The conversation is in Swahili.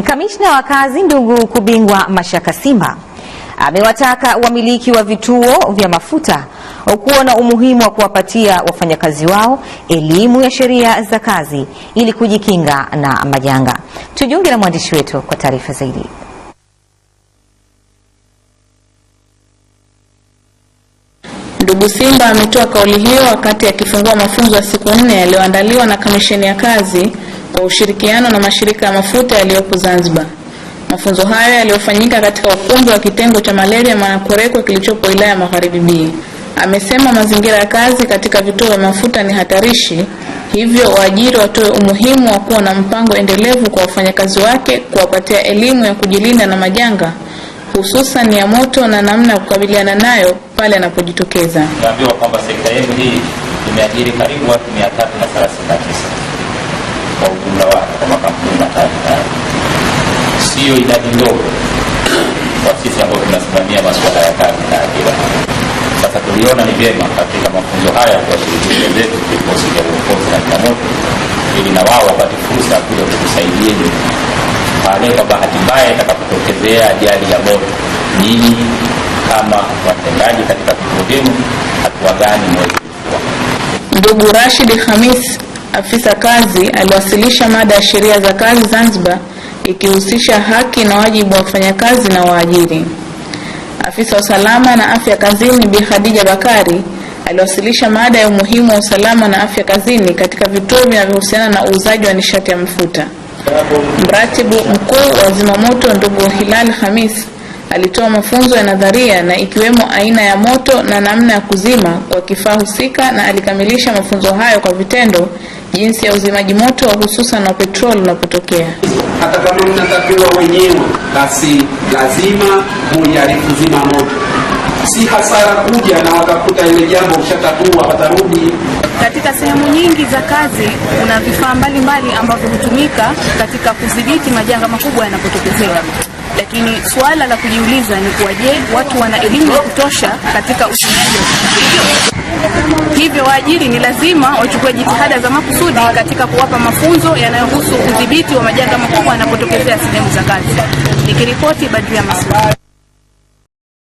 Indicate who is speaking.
Speaker 1: E, kamishna wa kazi ndugu Kubingwa Mashaka Simba amewataka wamiliki wa vituo vya mafuta kuona umuhimu wa kuwapatia wafanyakazi wao elimu ya sheria za kazi ili kujikinga na majanga. Tujiunge na mwandishi wetu kwa taarifa zaidi.
Speaker 2: Ndugu Simba ametoa kauli hiyo wakati akifungua mafunzo ya siku nne yaliyoandaliwa na kamisheni ya kazi kwa ushirikiano na mashirika ya mafuta yaliyopo Zanzibar. Mafunzo hayo yaliyofanyika katika ukumbi wa kitengo cha malaria Manakorekwe kilichopo wilaya ya Magharibi B. Amesema mazingira ya kazi katika vituo vya mafuta ni hatarishi, hivyo waajiri watoe umuhimu wa kuwa na mpango endelevu kwa wafanyakazi wake, kuwapatia elimu ya kujilinda na majanga hususan ya moto na namna ya kukabiliana nayo pale anapojitokeza. Naambiwa kwamba sekta yenu hii imeajiri karibu watu 339 kwa ujumla wake kwa makampuni matatu taasisi siyo idadi ndogo kwa sisi ambao tunasimamia masuala ya kazi na ajira. Sasa tuliona ni vyema katika mafunzo haya kuwashirikisha zetu vikosi vya uokozi na zimamoto, ili na wao wapate fursa ya kuja kutusaidieni pale kwa bahati mbaya itakapotokezea ajali ya moto, nyinyi kama watendaji katika vituo vyenu, hatua gani mwezi? Ndugu Rashid Hamis Afisa kazi aliwasilisha mada ya sheria za kazi Zanzibar ikihusisha haki na wajibu wa wafanyakazi na waajiri. Afisa wa usalama na afya kazini Bi Khadija Bakari aliwasilisha mada ya umuhimu wa usalama na afya kazini katika vituo vinavyohusiana na uuzaji wa nishati ya mafuta. Mratibu mkuu wa zimamoto ndugu Hilal Hamis alitoa mafunzo ya nadharia na ikiwemo aina ya moto na namna ya kuzima kwa kifaa husika na alikamilisha mafunzo hayo kwa vitendo jinsi ya uzimaji moto hususan wa petroli unapotokea.
Speaker 3: Hata kama mnatakiwa wenyewe, basi lazima mujaribu zima moto, si hasara kuja na wakakuta ile jambo ushatatua, watarudi.
Speaker 4: Katika sehemu nyingi za kazi kuna vifaa mbalimbali ambavyo hutumika katika kudhibiti majanga makubwa yanapotokezea lakini swala la kujiuliza ni kuwa je, watu wana elimu ya kutosha katika utumiaji wa hivyo? Waajiri ni lazima wachukue jitihada za makusudi katika kuwapa mafunzo yanayohusu udhibiti wa majanga makubwa yanapotokezea sehemu za kazi. Nikiripoti Badria Masudi.